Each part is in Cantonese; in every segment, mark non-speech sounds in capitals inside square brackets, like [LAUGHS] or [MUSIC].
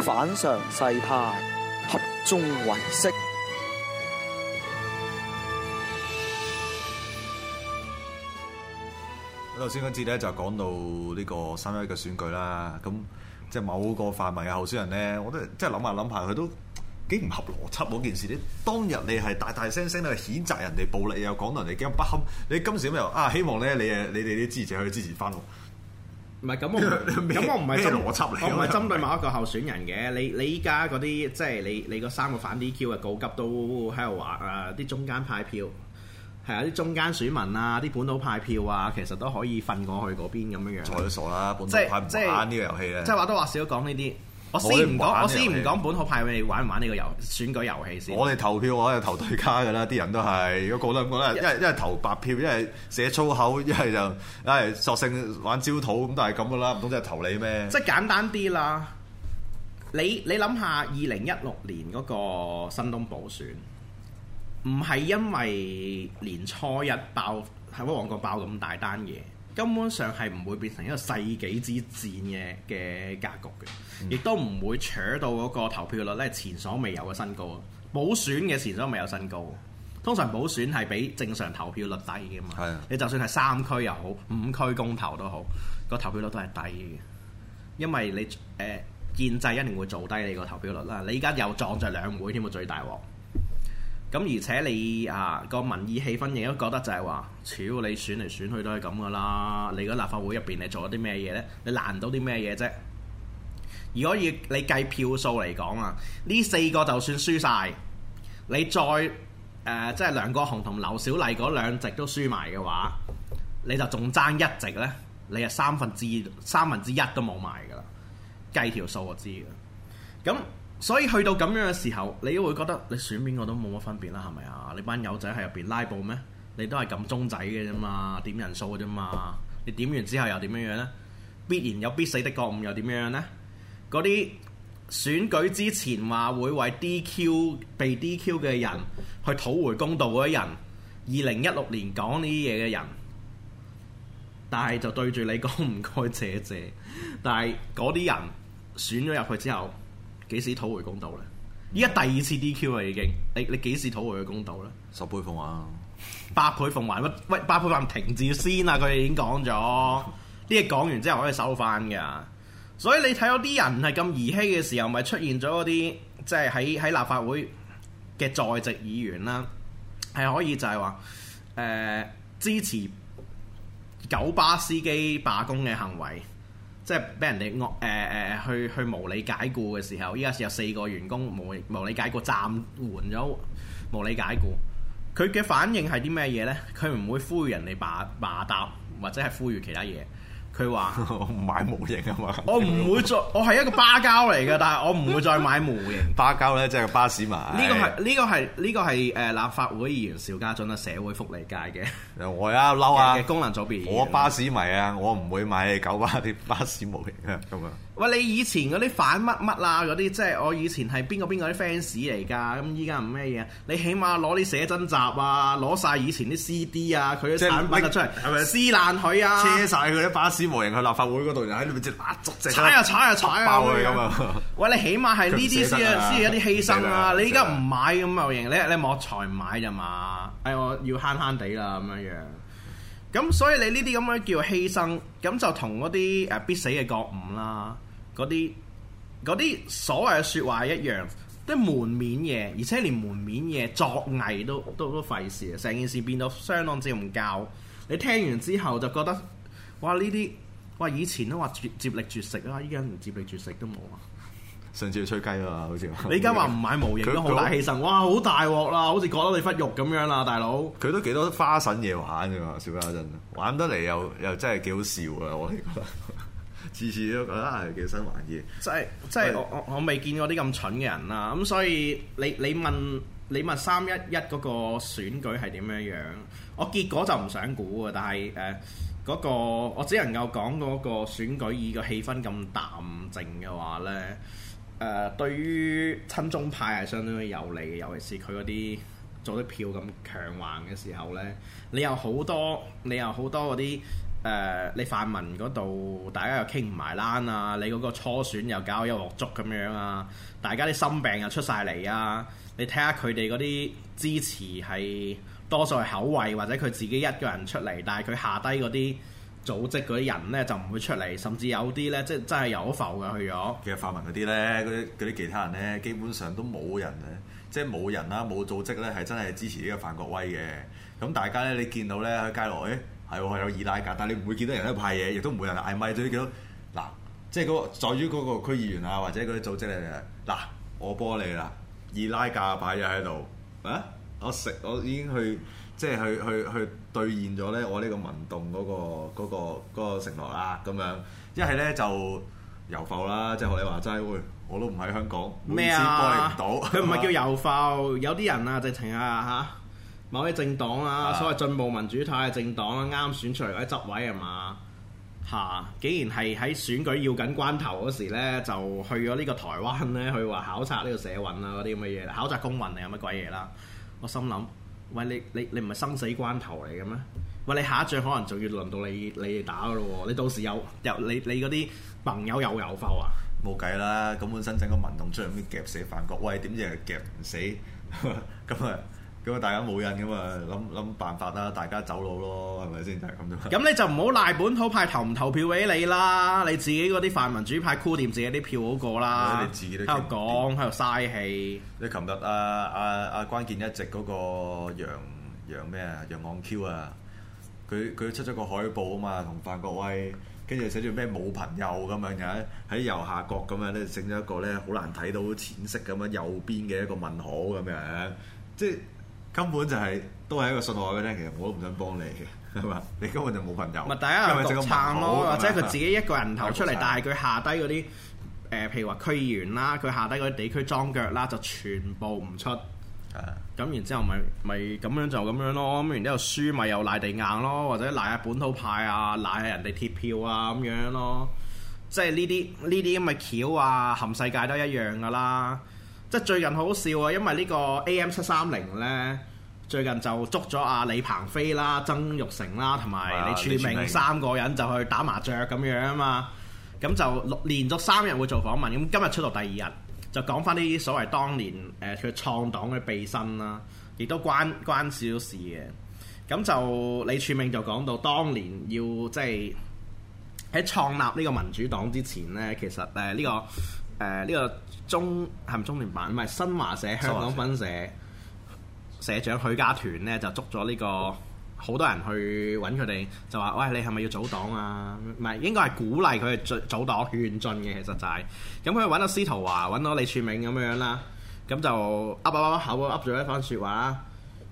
反常世態，合眾唯識。我頭先嗰次咧就講到呢個三一一嘅選舉啦，咁即係某個泛民嘅候選人咧，我都即係諗下諗下，佢都幾唔合邏輯。嗰件事咧，你當日你係大大聲聲咧譴責人哋暴力，又講到人哋幾不堪，你今時又啊希望咧你誒你哋啲支持者，可以支持翻我。唔係咁我唔咁麼我唔係針對，啊、我唔係針對某一個候選人嘅是。你、就是、你依家嗰啲即係你你嗰三個反 DQ 啊，告急都喺度話誒啲中間派票，係啊啲中間選民啊，啲本土派票啊，其實都可以瞓過去嗰邊咁樣樣。再傻啦，本土派唔玩呢個遊戲咧、就是。即係話多話少講呢啲。我先唔講，我先唔講，本土派你玩唔玩呢個遊選舉遊戲先？ [LAUGHS] 我哋投票，我係投對家噶啦，啲人都係，如果覺得唔覺得，一係一係投白票，一係寫粗口，一係就係索性玩焦土咁，都係咁噶啦，唔通真係投你咩？即係簡單啲啦。你你諗下，二零一六年嗰個新東補選，唔係因為年初一爆，係喺旺角爆咁大單嘢。根本上係唔會變成一個世紀之戰嘅嘅格局嘅，亦都唔會扯到嗰個投票率咧前所未有嘅新高啊！補選嘅前所未有新高，通常補選係比正常投票率低嘅嘛。係啊，你就算係三區又好，五區公投都好，個投票率都係低嘅，因為你誒、呃、建制一定會做低你個投票率啦。你而家又撞着兩會添喎，最大鑊。咁而且你啊個民意氣氛亦都覺得就係話，超你選嚟選去都係咁噶啦，你喺立法會入邊你做咗啲咩嘢呢？你攔到啲咩嘢啫？如果要你計票數嚟講啊，呢四個就算輸晒，你再誒、呃、即係梁國雄同劉小麗嗰兩席都輸埋嘅話，你就仲爭一席呢？你係三分之三分之一都冇埋噶啦，計條數我知嘅。咁所以去到咁樣嘅時候，你都會覺得你選邊個都冇乜分別啦，係咪啊？你班友仔喺入邊拉布咩？你都係撳鐘仔嘅啫嘛，點人數啫嘛？你點完之後又點樣樣呢？必然有必死的覺悟又點樣樣呢？嗰啲選舉之前話會為 DQ 被 DQ 嘅人去討回公道嗰啲人，二零一六年講呢啲嘢嘅人，但係就對住你講唔該謝謝。但係嗰啲人選咗入去之後，幾時討回公道呢？依家第二次 DQ 啦，已經你你幾時討回佢公道呢？十倍奉還，八倍奉還乜？喂，八倍還停止先啊！佢哋已經講咗，啲嘢講完之後可以收翻噶。所以你睇到啲人係咁兒戲嘅時候，咪出現咗嗰啲即係喺喺立法會嘅在席議員啦，係可以就係話誒支持九巴司機罷工嘅行為。即係俾人哋呃誒誒去去無理解雇嘅時候，依家係有四個員工無無理解雇，暫緩咗無理解雇，佢嘅反應係啲咩嘢呢？佢唔會呼籲人哋罷罷搭，或者係呼籲其他嘢。佢話： [LAUGHS] 我唔買模型啊嘛！ [LAUGHS] [LAUGHS] 我唔會再，我係一個巴膠嚟嘅，但係我唔會再買模型。巴 [LAUGHS] 膠咧，即係個巴士迷。呢個係呢個係呢個係誒立法會議員邵家俊啊，社會福利界嘅。 [LAUGHS] 我啊嬲啊！ [LAUGHS] 功能組別。我巴士迷啊！ [LAUGHS] 我唔會買九巴啲巴士模型啊！咁啊～喂，你以前嗰啲反乜乜啊？嗰啲即係我以前係邊個邊個啲 fans 嚟㗎？咁依家唔咩嘢？你起碼攞啲寫真集啊，攞晒以前啲 CD 啊，佢嘅產品出嚟，係咪是撕爛佢啊？車晒佢啲巴士模型去立法會嗰度，喺裏邊即係拉足隻，踩啊踩啊踩啊，爆佢咁啊！喂，你起碼係呢啲先啊，先有啲犧牲啊！你依家唔買咁又型，你型你莫財唔買就嘛？哎，我要慳慳地啦咁樣樣。咁所以你呢啲咁樣叫犧牲，咁就同嗰啲誒必死嘅覺悟啦。嗰啲啲所謂嘅説話一樣，啲門面嘢，而且連門面嘢作藝都都都費事，成件事變到相當之唔教。你聽完之後就覺得，哇呢啲，哇以前都話接接力絕食啦，依家唔接力絕食都冇啊。上次去吹雞啊，好似。 [LAUGHS] 你而家話唔買模型都好大氣勢，哇好大鑊啦，啊，好似割咗你忽肉咁樣啦，大佬。佢都幾多花神嘢玩㗎嘛，小家陣玩得嚟又又，又真係幾好笑啊。」我覺得。次次都覺得係幾新玩意，即係即係我是我我未見過啲咁蠢嘅人啦，咁所以你你問你問三一一嗰個選舉係點樣樣，我結果就唔想估啊，但係誒嗰個我只能夠講嗰個選舉以個氣氛咁淡靜嘅話呢，誒、呃、對於親中派係相當有利嘅，尤其是佢嗰啲做得票咁強橫嘅時候呢，你有好多你有好多嗰啲。誒，你泛民嗰度大家又傾唔埋欄啊？你嗰個初選又搞一鑊粥咁樣啊？大家啲心病又出晒嚟啊？你睇下佢哋嗰啲支持係多數係口惠，或者佢自己一個人出嚟，但係佢下低嗰啲組織嗰啲人呢，就唔會出嚟，甚至有啲呢，即係真係有浮嘅去咗。其實泛民嗰啲呢，嗰啲啲其他人呢，基本上都冇人嘅，即係冇人啦，冇組織呢，係真係支持呢個范國威嘅。咁大家呢，你見到呢，喺街內，係喎、嗯，有二奶架，但係你唔會見到人喺度派嘢，亦都唔會有人嗌咪。挨、嗯、米。最多，嗱，即係嗰、嗰個在於嗰個區議員啊，或者嗰啲組織嚟嗱，我幫你啦，二奶架擺咗喺度啊！我食，我已經去即係去去去兌現咗咧，我呢個民動嗰、嗰個嗰、嗰個承諾啦咁樣。一係咧就遊埠啦，即係學你話齋、喂，我都唔喺香港，唔知幫你唔到。佢唔係叫遊埠，有啲人啊，直情啊嚇。啊某啲政黨啊，所謂進步民主派嘅政黨啦，啱選出嚟嗰啲執位係嘛嚇、啊，竟然係喺選舉要緊關頭嗰時咧，就去咗呢個台灣呢，去話考察呢個社運啊，嗰啲咁嘅嘢，考察公運、啊，你有乜鬼嘢啦、啊？我心諗，喂你你你唔係生死關頭嚟嘅咩？喂你下一仗可能就要輪到你你哋打噶咯喎，你到時有有你你嗰啲朋友有有否啊？冇計啦，咁本身整個民動出嚟夾死范國？喂點知又夾唔死，咁啊～大家冇癮嘅嘛，諗諗辦法啦，大家走佬咯，係咪先？就係咁。咁你就唔好賴本土派投唔投票俾你啦，你自己嗰啲泛民主派箍掂自己啲票好過啦、嗯。你自己都喺度講，喺度嘥氣。你琴日啊啊啊關鍵一席嗰個楊楊咩啊楊昂 Q 啊，佢佢出咗個海報啊嘛，同范國威，跟住寫住咩冇朋友咁樣，喺喺右下角咁樣咧，整咗一個咧，好難睇到淺色咁樣右邊嘅一個問號咁樣，即係。根本就係、是、都係一個信號嘅啫，其實我都唔想幫你嘅，係嘛？你根本就冇朋友。咪大家係獨撐咯，或者佢自己一個人頭出嚟，判但係佢下低嗰啲誒，譬、呃、如話區議員啦，佢下低嗰啲地區裝腳啦，就全部唔出。咁是的 然之後咪咪咁樣就咁樣咯。咁然之後輸咪又賴地硬咯，或者賴下本土派啊，賴下人哋鐵票啊咁樣咯。即係呢啲呢啲咁嘅橋啊，冚世界都一樣㗎啦。即係最近好笑啊，因為個 AM 呢個 A M 七三零咧。最近就捉咗阿李鵬飛啦、曾玉成啦，同埋李柱銘、啊、三個人就去打麻雀咁樣啊嘛，咁就連續三日會做訪問，咁今日出到第二日就講翻啲所謂當年誒佢、呃、創黨嘅秘辛啦，亦都關關小事嘅。咁就李柱銘就講到當年要即係喺創立呢個民主黨之前呢，其實誒呢、呃這個誒呢、呃這個中係咪中聯辦唔係新華社香港分社。社長許家屯呢，就捉咗呢個好多人去揾佢哋，就話：喂，你係咪要組黨啊？唔係應該係鼓勵佢去組組黨勵進嘅。其實就係、是、咁，佢揾到司徒華，揾到李柱銘咁樣樣啦。咁就噏噏噏噏口噏咗一番説話，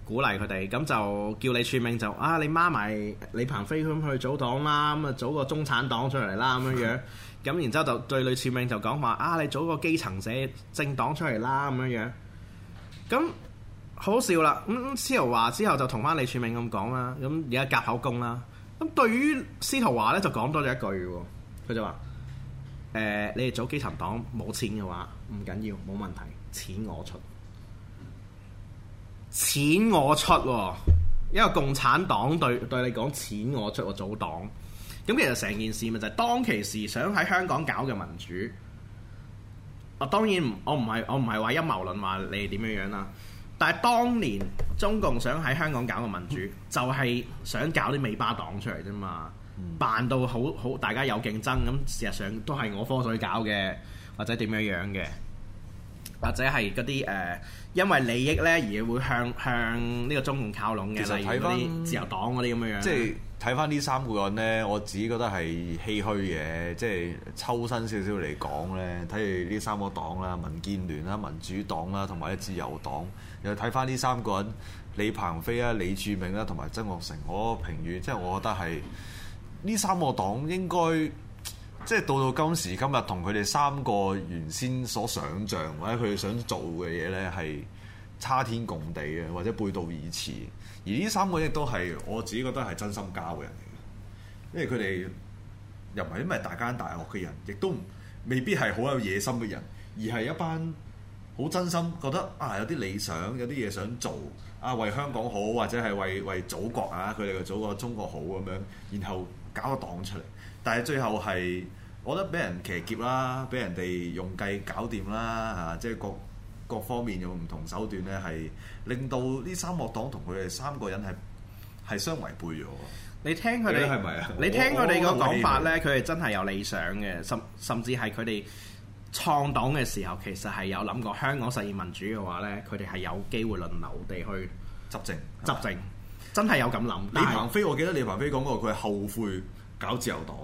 鼓勵佢哋。咁就叫李柱銘就啊，你孖埋李鵬飛咁去組黨啦，咁啊組個中產黨出嚟啦咁樣樣。咁 [LAUGHS] 然之後就對李柱銘就講話：啊，你組個基層社政黨出嚟啦咁樣樣。咁好笑啦！咁、嗯、司徒華之後就同翻李柱銘咁講啦，咁而家夾口供啦。咁對於司徒華咧，就講多咗一句，佢就、呃、話：誒，你哋組基層黨冇錢嘅話，唔緊要，冇問題，錢我出，錢我出。因為共產黨對對你講，錢我出，組黨。咁其實成件事咪就係當其時想喺香港搞嘅民主。我當然，我唔係我唔係話陰謀論話你哋點樣樣啦。但係當年中共想喺香港搞個民主，嗯、就係想搞啲尾巴黨出嚟啫嘛，扮到好好大家有競爭咁，事實上都係我科所搞嘅，或者點樣樣嘅，或者係嗰啲誒因為利益呢而會向向呢個中共靠攏嘅，例如嗰啲自由黨嗰啲咁樣樣，即係。睇翻呢三個人呢，我自己覺得係唏噓嘅，即係抽身少少嚟講呢。睇住呢三個黨啦、民建聯啦、民主黨啦，同埋自由黨，又睇翻呢三個人，李鵬飛啦、李柱銘啦，同埋曾鈺成，我評語即係我覺得係呢三個黨應該即係到到今時今日，同佢哋三個原先所想像或者佢哋想做嘅嘢呢，係。差天共地嘅，或者背道而馳。而呢三個亦都係我自己覺得係真心交嘅人嚟，因為佢哋又唔係因為大間大學嘅人，亦都未必係好有野心嘅人，而係一班好真心覺得啊有啲理想，有啲嘢想做啊，為香港好，或者係為為祖國啊佢哋嘅祖國中國好咁樣，然後搞個黨出嚟。但係最後係，我覺得俾人騎劫啦，俾人哋用計搞掂啦嚇，即係個。各方面用唔同手段呢，係令到呢三個黨同佢哋三個人係係相違背咗。你聽佢哋係咪啊？你，我你聽佢哋個講法呢，佢哋真係有理想嘅，甚甚至係佢哋創黨嘅時候，其實係有諗過香港實現民主嘅話呢，佢哋係有機會輪流地去執政執政，真係有咁諗。李鵬飛，是我記得李鵬飛講過，佢係後悔搞自由黨，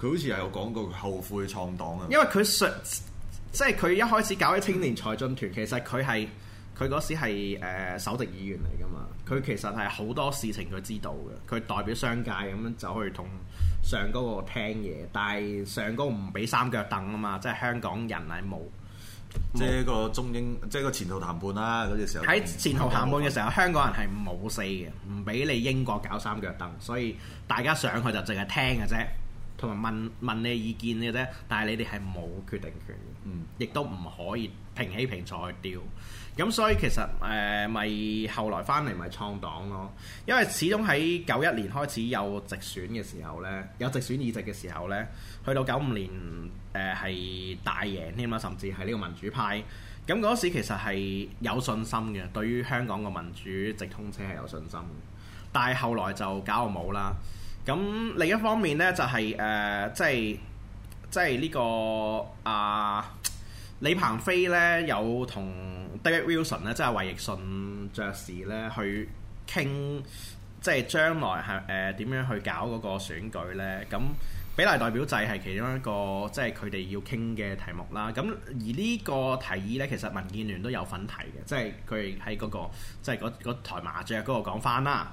佢好似係有講過後悔創黨啊。因為佢即係佢一開始搞起青年才俊團，其實佢係佢嗰時係、呃、首席議員嚟噶嘛，佢其實係好多事情佢知道嘅，佢代表商界咁樣走去同上高個聽嘢，但係上高唔俾三腳凳啊嘛，即係香港人係冇。即係個中英，嗯、即係個前途談判啦嗰陣時候。喺前途談判嘅時候，香港人係冇四嘅，唔俾你英國搞三腳凳，所以大家上去就淨係聽嘅啫。同埋問問你意見嘅啫，但係你哋係冇決定權嘅，亦、嗯、都唔可以平起平坐去調。咁所以其實誒，咪、呃、後來翻嚟咪創黨咯。因為始終喺九一年開始有直選嘅時候呢，有直選議席嘅時候呢，去到九五年誒係、呃、大贏添啦，甚至係呢個民主派。咁嗰時其實係有信心嘅，對於香港個民主直通車係有信心。但係後來就搞冇啦。咁另一方面咧，就係、是、誒、呃，即係即係呢、這個啊、呃、李鵬飛咧，有同 David Wilson 咧，即係衛奕信爵士咧，去傾即係將來係誒點樣去搞嗰個選舉咧。咁比例代表制係其中一個即係佢哋要傾嘅題目啦。咁而個呢個提議咧，其實民建聯都有份提嘅，即係佢喺嗰個即係嗰、那個、台麻雀嗰度講翻啦。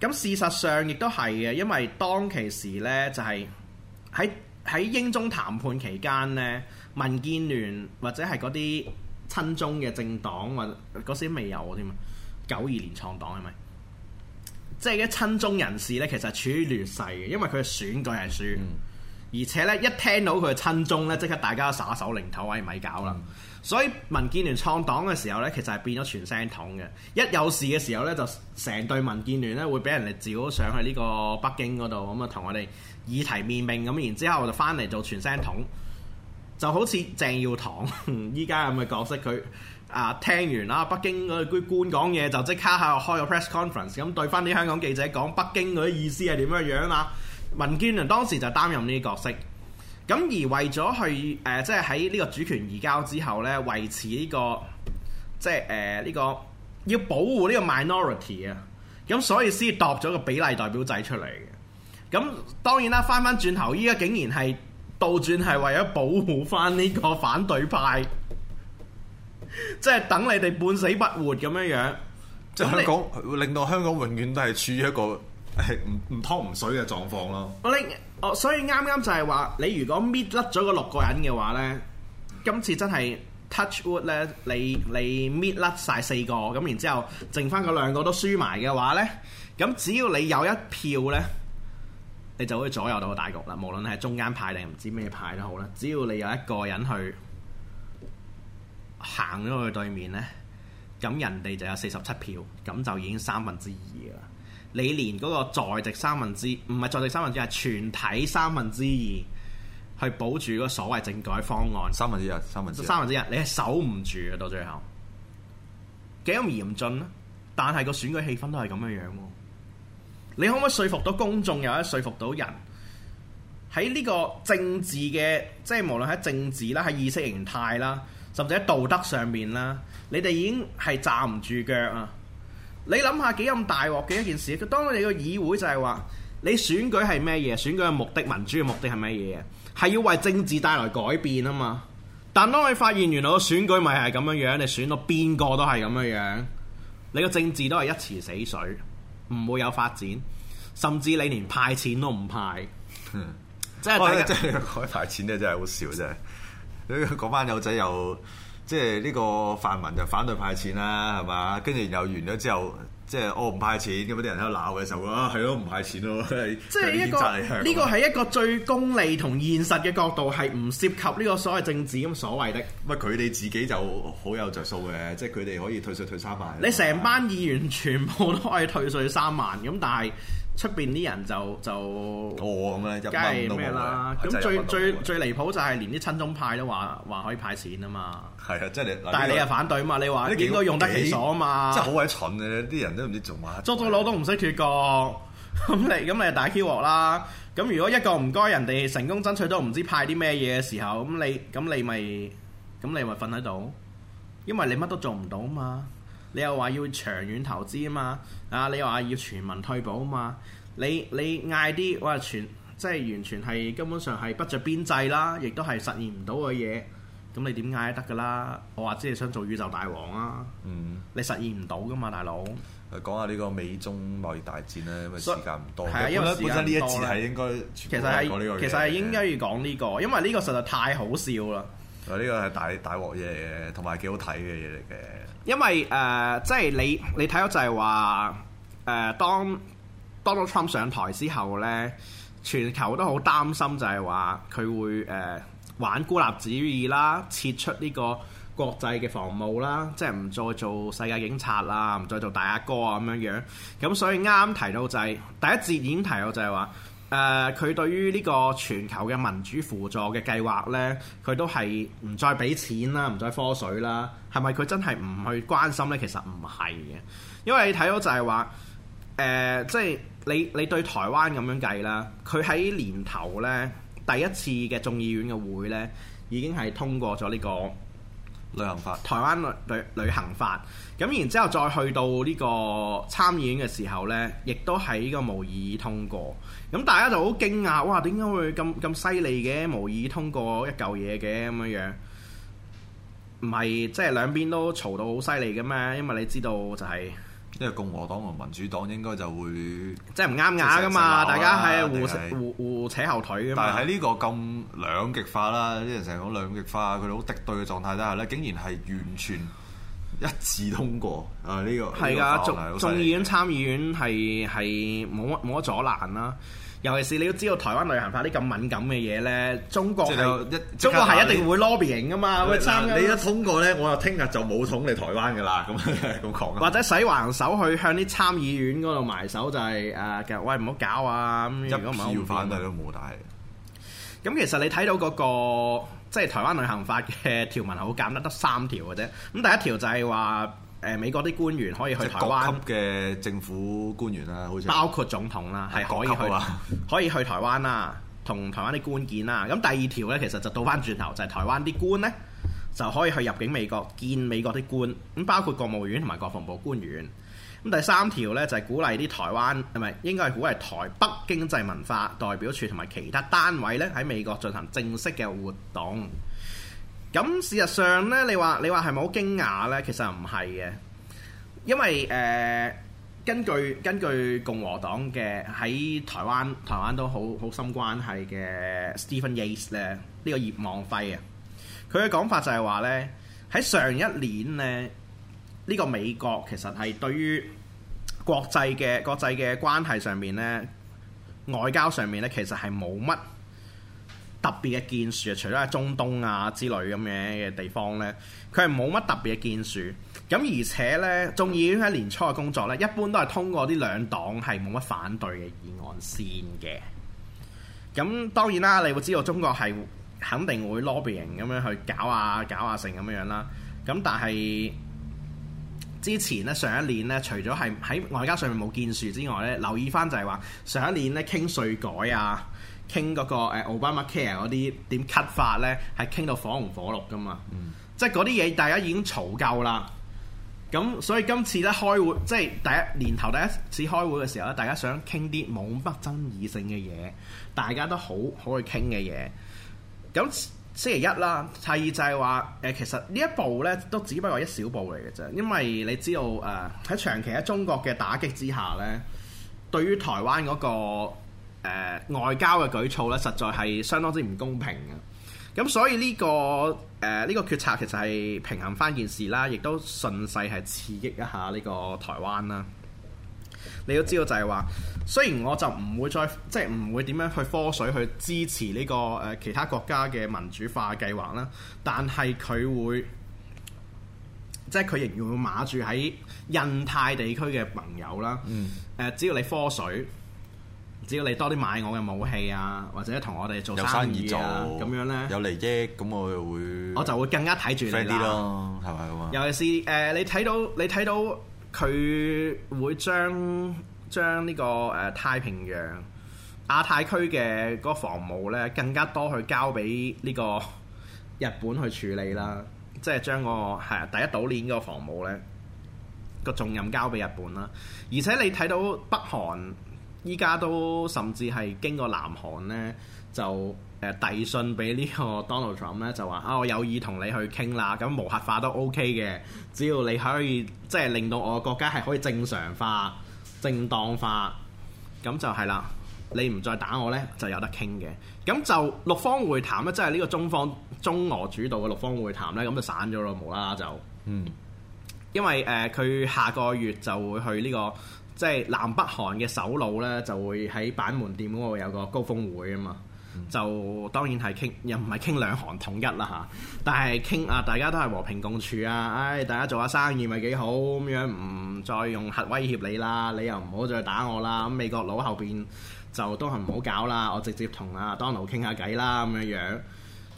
咁事實上亦都係嘅，因為當其時呢，就係喺喺英中談判期間呢，民建聯或者係嗰啲親中嘅政黨，或嗰時未有添啊。九二年創黨係咪？即係啲親中人士呢，其實處於劣勢嘅，因為佢選舉人輸，嗯、而且呢，一聽到佢親中呢，即刻大家耍手擰頭，喂咪搞啦。嗯。所以民建聯創黨嘅時候呢，其實係變咗傳聲筒嘅。一有事嘅時候呢，就成隊民建聯呢會俾人哋召上去呢個北京嗰度，咁啊同我哋耳提面命咁、嗯，然之後就翻嚟做傳聲筒，就好似鄭耀棠依家咁嘅角色。佢啊聽完啦，北京嗰啲官講嘢，就即刻喺度開個 press conference，咁、嗯、對翻啲香港記者講北京嗰啲意思係點樣樣啊？民建聯當時就擔任呢啲角色。咁而為咗去誒、呃，即係喺呢個主權移交之後呢，維持呢、呢個即係誒呢個要保護呢個 minority 啊，咁所以先度咗個比例代表制出嚟嘅。咁、啊、當然啦，翻翻轉頭，依家竟然係倒轉，係為咗保護翻呢個反對派，即係等你哋半死不活咁樣樣，即係香港你令到香港永遠都係處於一個誒唔唔湯唔水嘅狀況咯。哦，所以啱啱就係話，你如果搣甩咗個六個人嘅話呢，今次真係 touch wood 咧，你你搣甩晒四個，咁然之後剩翻嗰兩個都輸埋嘅話呢，咁只要你有一票呢，你就可以左右到個大局啦。無論你係中間派定唔知咩派都好啦，只要你有一個人去行咗去對面呢，咁人哋就有四十七票，咁就已經三分之二啦。你連嗰個在籍三分之唔係在籍三分之係全體三分之二去保住嗰所謂政改方案，三分之一，三分之一，三分之一，你係守唔住嘅到最後幾咁嚴峻啦，但係個選舉氣氛都係咁樣樣喎。你可唔可以說服到公眾，又可以説服到人喺呢個政治嘅，即係無論喺政治啦，喺意識形態啦，甚至喺道德上面啦，你哋已經係站唔住腳啊！你諗下幾咁大鑊嘅一件事？佢當你個議會就係話你選舉係咩嘢？選舉嘅目的、民主嘅目的係咩嘢？係要為政治帶來改變啊嘛！但當你發現原來個選舉咪係咁樣樣，你選到邊個都係咁樣樣，你個政治都係一池死水，唔會有發展，甚至你連派錢都唔派。嗯、即係第日派錢咧，真係好笑真係！嗰班友仔又～即係呢個泛民就反對派錢啦，係嘛？跟住又完咗之後，即係我唔派錢咁，啲人喺度鬧嘅時候，啊係咯，唔派錢咯，即係呢個呢個係一個最功利同現實嘅角度，係唔涉及呢個所謂政治咁所謂的。唔，佢哋自己就好有着數嘅，即係佢哋可以退稅退三萬。你成班議員全部都可以退稅三萬咁，但係。出邊啲人就就戇就，梗係咩啦？咁最最最離譜就係連啲親中派都話話可以派錢啊嘛！係啊，即係你。但係你又反對嘛？些你話應該用得其所啊嘛！真係好鬼蠢嘅，啲人都唔知做乜。捉到鹿都唔識脱角，咁你咁你大 Q 鑊啦！咁如果一個唔該人哋成功爭取都唔知派啲咩嘢嘅時候，咁你咁你咪咁你咪瞓喺度，因為你乜都做唔到嘛。你又話要長遠投資啊嘛，啊你又話要全民退保啊嘛，你你嗌啲哇全即係完全係根本上係不着邊際啦，亦都係實現唔到嘅嘢，咁你點嗌都得㗎啦。我話即係想做宇宙大王啊，嗯、你實現唔到㗎嘛，大佬。講下呢個美中貿易大戰啦，因為時間唔多，本身來呢一節係應該其實係其實係應該要講呢、呢個，因為呢個實在太好笑啦。呢個係大大鑊嘢嘅，同埋幾好睇嘅嘢嚟嘅。因為誒、呃，即係你你睇到就係話誒，當 Donald Trump 上台之後咧，全球都好擔心就係話佢會誒、呃、玩孤立主義啦，撤出呢個國際嘅防務啦，即係唔再做世界警察啦，唔再做大阿哥啊咁樣樣。咁所以啱啱提到就係、是、第一節已經提到就係話。誒佢、呃、對於呢個全球嘅民主輔助嘅計劃呢，佢都係唔再俾錢啦，唔再科水啦，係咪佢真係唔去關心呢？其實唔係嘅，因為你睇到就係話誒，即係你你對台灣咁樣計啦，佢喺年頭呢，第一次嘅眾議院嘅會呢，已經係通過咗呢、這個。旅行法、台灣旅旅旅行法，咁然之後再去到呢個參議院嘅時候呢，亦都喺呢個模擬通過，咁大家就好驚訝，哇！點解會咁咁犀利嘅模擬通過一嚿嘢嘅咁樣樣？唔係即係兩邊都嘈到好犀利嘅咩？因為你知道就係、是。因為共和黨同民主黨應該就會即係唔啱牙㗎嘛，大家係互互扯後腿嘅。但係喺呢個咁兩極化啦，啲人成日講兩極化，佢哋好敵對嘅狀態底下咧，竟然係完全一致通過。誒呢、嗯嗯呢個係啊，眾眾議院參議院係係冇乜冇乜阻攔啦。尤其是你要知道台灣旅行法啲咁敏感嘅嘢咧，中國係中國係一定會 lobby 型㗎嘛，你一通過咧，嗯、我就聽日就冇通你台灣㗎喇，咁咁講。或者使橫手去向啲參議院嗰度埋手、就是，就係誒，其實喂唔好搞啊！咁一票要反對都冇，但咁其實你睇到嗰、那個即係、就是、台灣旅行法嘅條文好簡，得得三條嘅啫。咁第一條就係話。誒美國啲官員可以去台灣嘅政府官員啦、啊，好似包括總統啦、啊，係可以去，各級啊、可以去台灣啦、啊，同台灣啲官見啦、啊。咁第二條呢，其實就倒翻轉頭，就係、是、台灣啲官呢，就可以去入境美國見美國啲官，咁包括國務院同埋國防部官員。咁第三條呢，就係、是、鼓勵啲台灣係咪應該係鼓勵台北經濟文化代表處同埋其他單位呢，喺美國進行正式嘅活動。咁事實上呢，你話你話係咪好驚訝呢？其實唔係嘅，因為誒、呃，根據根據共和黨嘅喺台灣台灣都好好深關係嘅 Stephen Yates 呢、呢個葉望輝啊，佢嘅講法就係話呢：「喺上一年呢，呢、呢個美國其實係對於國際嘅國際嘅關係上面呢，外交上面呢，其實係冇乜，特別嘅建樹啊，除咗喺中東啊之類咁樣嘅地方呢，佢係冇乜特別嘅建樹。咁而且呢，眾議院喺年初嘅工作呢，一般都係通過啲兩黨係冇乜反對嘅議案先嘅。咁當然啦，你會知道中國係肯定會 lobbying 咁樣去搞啊，搞啊、搞下成咁樣啦。咁但係之前呢，上一年呢，除咗係喺外交上面冇建樹之外呢，留意返就係話上一年呢傾稅改啊。傾嗰個誒奧巴馬 care 嗰啲點 cut 法呢，係傾到火紅火綠噶嘛，嗯、即係嗰啲嘢大家已經嘈夠啦。咁所以今次呢，開會，即係第一年頭第一次開會嘅時候呢，大家想傾啲冇乜爭議性嘅嘢，大家都好好去傾嘅嘢。咁星期一啦，第二就係話誒，其實呢一步呢都只不過一小步嚟嘅啫，因為你知道誒喺、呃、長期喺中國嘅打擊之下呢，對於台灣嗰、那個。誒、呃、外交嘅舉措咧，實在係相當之唔公平嘅。咁所以呢、呢個誒呢、呃呢個決策其實係平衡翻件事啦，亦都順勢係刺激一下呢個台灣啦。你都知道就係話，雖然我就唔會再即係唔會點樣去科水去支持呢、呢個誒、呃、其他國家嘅民主化計劃啦，但係佢會即係佢仍然會馬住喺印太地區嘅朋友啦。誒、嗯呃，只要你科水。只要你多啲買我嘅武器啊，或者同我哋做生意啊，咁樣呢，有利益，咁我又會我就會更加睇住你啲囉，係咪？尤其是誒、呃，你睇到你睇到佢會將將呢、呢個誒、呃、太平洋亞太區嘅嗰個防務呢，更加多去交俾呢個日本去處理啦，嗯、即係將、嗰個係第一島鏈嗰個防務呢，個重任交俾日本啦，而且你睇到北韓。依家都甚至係經過南韓咧，就誒遞信俾呢個 Donald Trump 咧，就話啊，我有意同你去傾啦，咁無核化都 OK 嘅，只要你可以即係令到我國家係可以正常化、正當化，咁就係啦。你唔再打我咧，就有得傾嘅。咁就六方會談咧，即係呢個中方、中俄主導嘅六方會談咧，咁就散咗咯，無啦啦就。嗯。因為誒佢、呃、下個月就會去呢個。即係南北韓嘅首腦呢，就會喺板門店嗰度有個高峰會啊嘛。嗯、就當然係傾，又唔係傾兩韓統一啦嚇，但係傾啊大家都係和平共處啊，唉、哎、大家做下生意咪幾好咁樣，唔再用核威脅你啦，你又唔好再打我啦，咁美國佬後邊就都係唔好搞啦，我直接同阿當勞傾下偈啦咁樣樣，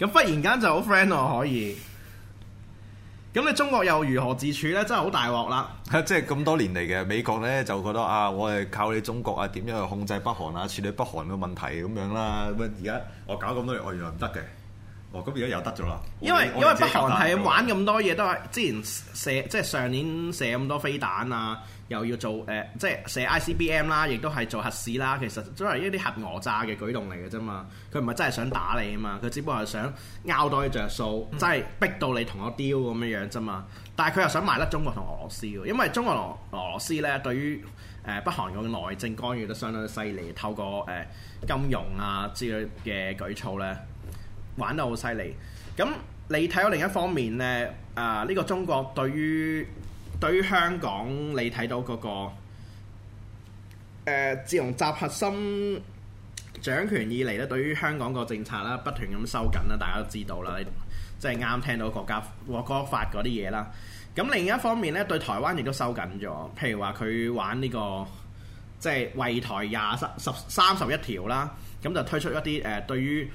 咁忽然間就好 friend 我可以。咁你中國又如何自處呢？真係好大鑊啦！即係咁多年嚟嘅美國呢，就覺得啊，我係靠你中國啊，點樣去控制北韓啊，處理北韓嘅問題咁樣啦。而家我搞咁多嘢，我又唔得嘅。哦，咁而家又得咗啦。因為們因為北韓係玩咁多嘢，都係之前射即係上年射咁多飛彈啊。又要做誒、呃，即係寫 ICBM 啦，亦都係做核試啦。其實都係一啲核訛詐嘅舉動嚟嘅啫嘛。佢唔係真係想打你啊嘛，佢只不過係想拗多啲著數，嗯、真係逼到你同我丟咁樣樣啫嘛。但係佢又想賣甩中國同俄羅斯喎，因為中國俄羅斯呢，對於誒、呃、北韓嘅內政干預都相當之犀利，透過誒、呃、金融啊之類嘅舉措呢，玩得好犀利。咁你睇到另一方面呢，啊、呃、呢、呢個中國對於對於香港，你睇到嗰、那個、呃、自從習核心掌權以嚟咧，對於香港個政策啦，不斷咁收緊啦，大家都知道啦。即係啱聽到國家國歌法嗰啲嘢啦。咁另一方面咧，對台灣亦都收緊咗，譬如話佢玩呢、這個即係惠台廿三十三十一條啦，咁就推出一啲誒、呃、對於。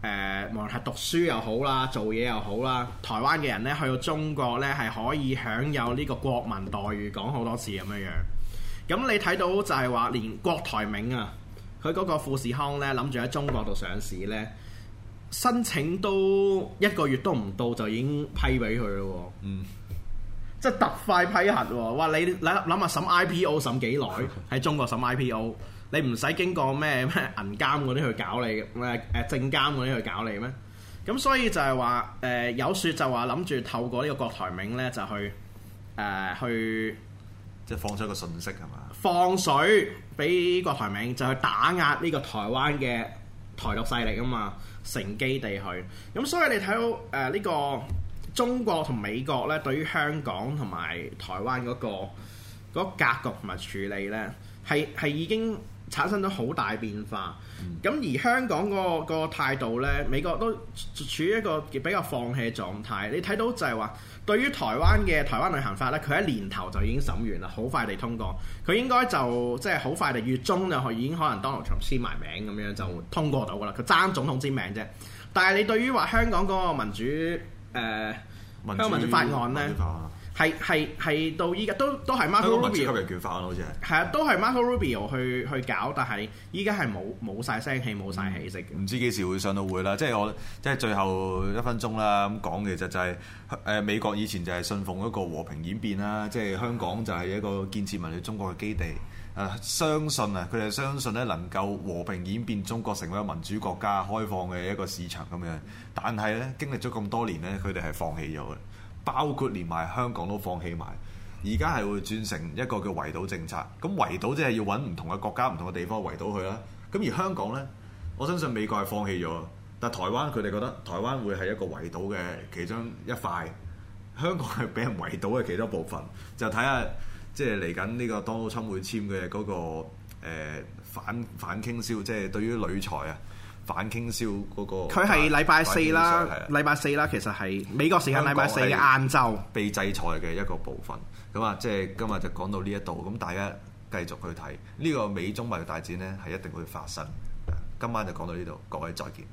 誒、呃、無論係讀書又好啦，做嘢又好啦，台灣嘅人呢去到中國呢，係可以享有呢個國民待遇，講好多次咁樣樣。咁你睇到就係話，連郭台銘啊，佢嗰個富士康呢，諗住喺中國度上市呢，申請都一個月都唔到就已經批俾佢咯喎。嗯，即係特快批核喎、啊。話你諗諗下審 IPO 審幾耐？喺中國審 IPO。你唔使經過咩咩銀監嗰啲去搞你咩？誒誒證監嗰啲去搞你咩？咁所以就係話，誒有説就話諗住透過呢個郭台銘咧，就去誒、呃、去，即係放出一個訊息係嘛？放水俾郭台銘就去打壓呢個台灣嘅台獨勢力啊嘛，乘機地去。咁所以你睇到誒呢、呃呢個中國同美國咧對於香港同埋台灣嗰、嗰個嗰個格局同埋處理咧係係已經。產生咗好大變化，咁、嗯、而香港個、嗰個態度呢，美國都處於一個比較放棄嘅狀態。你睇到就係話，對於台灣嘅台灣旅行法呢，佢喺年頭就已經審完啦，好快地通過。佢應該就即係好快地月中就已經可能當勞侵簽埋名咁樣就通過到噶啦。佢爭總統簽名啫。但係你對於話香港嗰個民主誒、呃、民主、民主法案呢？係係係到依家都都係 Marco Rubio，都係人權法咯、啊，好似係係啊，都係 Marco Rubio 去去搞，但係依家係冇冇曬聲氣，冇晒氣息、嗯。唔知幾時會上到會啦？即係我即係最後一分鐘啦咁講，其實就係、是、誒、呃、美國以前就係信奉一個和平演變啦，即係香港就係一個建設民主中國嘅基地。誒、呃、相信啊，佢哋相信咧能夠和平演變中國成為一個民主國家、開放嘅一個市場咁樣。但係咧經歷咗咁多年咧，佢哋係放棄咗。包括連埋香港都放棄埋，而家係會轉成一個叫圍堵政策。咁圍堵即係要揾唔同嘅國家、唔同嘅地方圍堵佢啦。咁而香港呢，我相信美國係放棄咗，但台灣佢哋覺得台灣會係一個圍堵嘅其中一塊，香港係俾人圍堵嘅其中一部分。就睇下即係嚟緊呢個 Donald Trump 會簽嘅嗰、那個、呃、反反傾銷，即、就、係、是、對於鋁材啊。反傾銷嗰個，佢係禮拜四啦，禮拜、啊、四啦，其實係美國時間禮拜四嘅晏晝。被制裁嘅一個部分，咁啊，即係今日就講到呢一度，咁大家繼續去睇呢、這個美中貿易大戰呢，係一定會發生。今晚就講到呢度，各位再見。